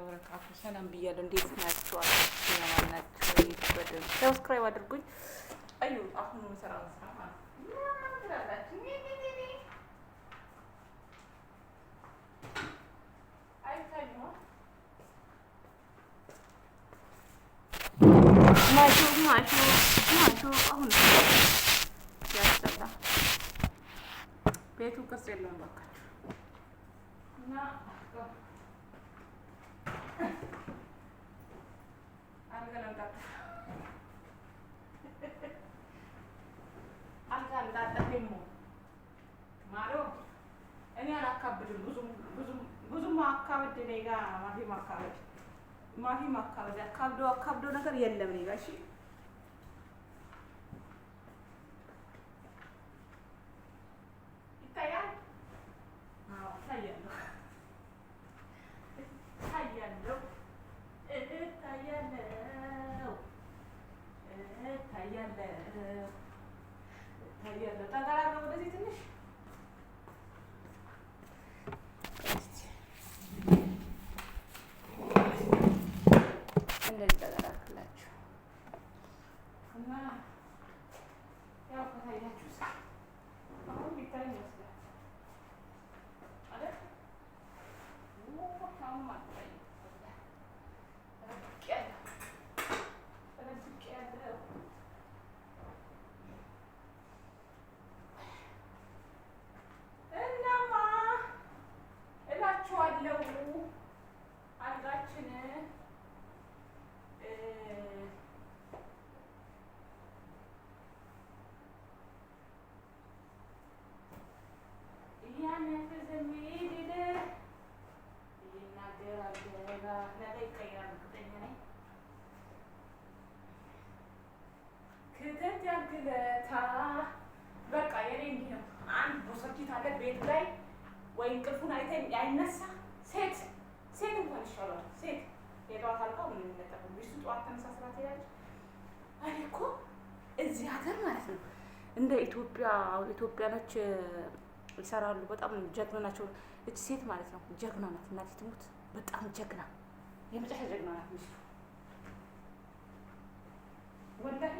ወበረካቱ ሰላም ብያለሁ። እንዴት ናችኋል? ናቸው በደንብ ሰብስክራይብ አድርጉኝ። አዩ አሁን ስራ አሁን ያስጠላ ቤቱ ቅርጽ የለውም እና አልጋ እንዳጠፈኝ ማዶ እኔ አላካብድም። ብዙም አካብድ እኔ ጋ ማፊም አካብድ ማፊም አካብድ አካብዶ አካብዶ ነገር የለም እኔ ጋ እሺ ታያለህ። ጠጠር ወደዚህ ትንሽ እንደዚህ ጠጠር አድርግላችሁ እና ያው ከታያችሁ ሌሊት ላይ ወይ እንቅልፉን አይተን ያይነሳ ሴት ሴት እንኳን ይሻላል። ሴት የጠዋት አልቃ ምን የሚነጠቁ ሚስቱ ጠዋት ተነሳ ስራ ትሄዳለች። እኔ እኮ እዚህ ሀገር ማለት ነው እንደ ኢትዮጵያ ኢትዮጵያኖች ይሰራሉ። በጣም ጀግና ናቸው። እች ሴት ማለት ነው ጀግና ናት። እናቴ ትሙት በጣም ጀግና የመጨረሻ ጀግና ናት ሚስቱ ወላሂ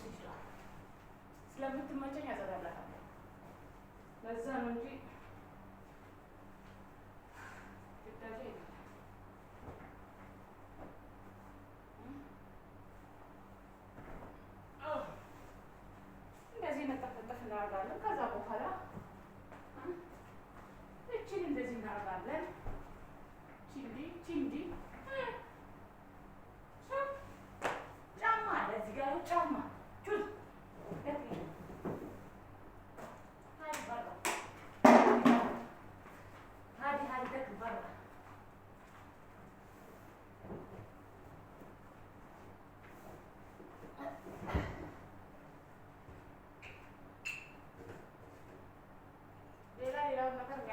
ሊመችሽ ይችላል። ስለምትመቸኝ ያዘጋላታል። ለዛ ነው እንጂ ግዳጅ እንደዚህ ነጠፍ እናደርጋለን። ከዛ በኋላ እችን እንደዚህ እናደርጋለን። ቺንዲ ቺንዲ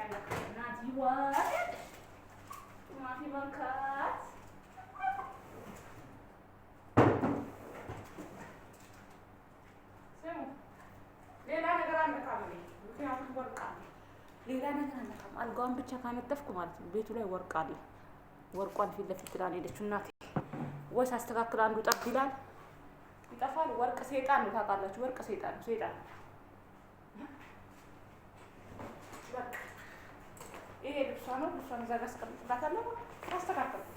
ቲማቲም ሌላ ነገር አልጋዋን ብቻ ካነጠፍኩ ማለት ነው። ቤቱ ላይ ወርቅ አለ። ወርቋን ፊት ለፊት ትላል ሄደች እናቴ ወይስ አስተካክል አንዱ ጠብ ይላል ይጠፋል። ወርቅ ሴጣን ነው ታውቃላችሁ። ወርቅ ሴጣን ነው ሴጣን ይሄ ልብሷ ነው። ልብሷን እዛ ጋር አስቀምጥላታለሁ። ታስተካከልኩታል።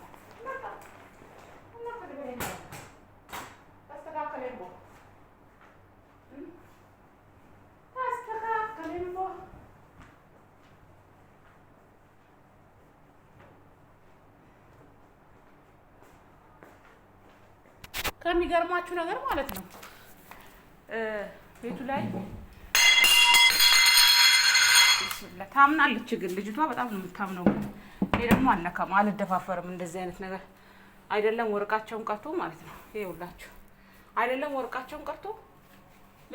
ከሚገርማችሁ ነገር ማለት ነው ቤቱ ላይ ታምናለች። ግን ልጅቷ በጣም ነው የምታምነው። ይሄ ደግሞ አልነካም፣ አልደፋፈርም። እንደዚህ አይነት ነገር አይደለም ወርቃቸውን ቀርቶ ማለት ነው። ይሄ ሁላችሁ አይደለም ወርቃቸውን ቀርቶ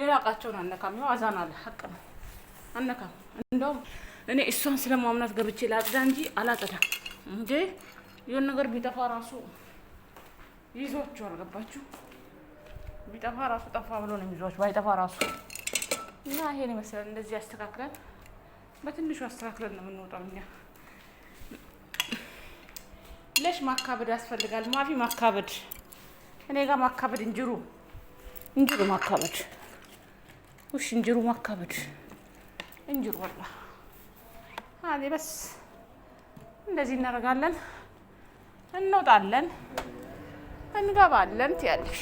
ሌላ እቃቸውን አነካም። ይኸው አዛና አለ ሀቅ ነው፣ አነካም። እንደውም እኔ እሷን ስለማምናት ገብቼ ላጽዳ እንጂ አላጠዳም እንጂ ይሁን ነገር ቢጠፋ ራሱ ይዟችሁ አልገባችሁ። ቢጠፋ ራሱ ጠፋ ብሎ ነው የሚዟችሁ፣ ባይጠፋ ራሱ እና ይሄን ይመስላል። እንደዚህ ያስተካክላል። በትንሹ አስተካክለን ነው የምንወጣው እኛ። ለሽ ማካበድ ያስፈልጋል። ማፊ ማካበድ እኔ ጋር ማካበድ እንጅሩ እንጅሩ ማካበድ ውሽ እንጅሩ ማካበድ እንጅሩ ወላ አዴ በስ እንደዚህ እናደርጋለን። እንወጣለን፣ እንገባለን ትያለሽ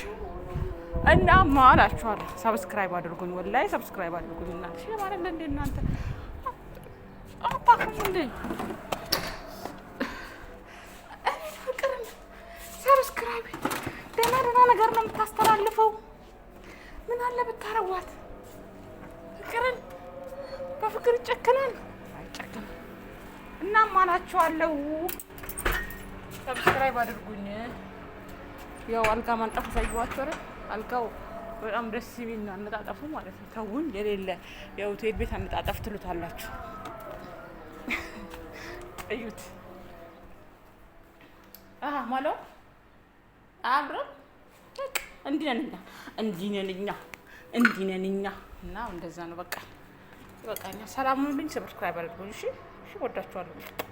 እና ማላችኋል። ሰብስክራይብ አድርጉኝ፣ ወላይ ሰብስክራይብ አድርጉኝ። እናትሽ ማለት ለእንደ እናንተ እባክሽ እንደኝ እቤት ፍቅር ሰብስክራይብ ደህና ደህና ነገር ነው የምታስተላልፈው። ምን አለ ብታረዋት። ፍቅርን በፍቅር ይጨክናል አይጨክንም። እናም አላችኋለሁ ሰብስክራይብ አድርጉኝ። ያው አልጋ ማንጠፍ አሳየኋቸው አልጋው በጣም ደስ የሚል ነው አነጣጠፉ ማለት ነው። ተውን የሌለ የሆቴል ቤት አነጣጠፍ ትሉታላችሁ። እዩት። አሃ ማለው አብሮ እንዲህ ነን እኛ እንዲህ ነን እኛ እንዲህ ነን እኛ እና እንደዛ ነው። በቃ በቃ ሰላም ሁኑልኝ። ሰብስክራይብ አድርጉኝ። እሺ እሺ፣ ወዳችኋለሁ።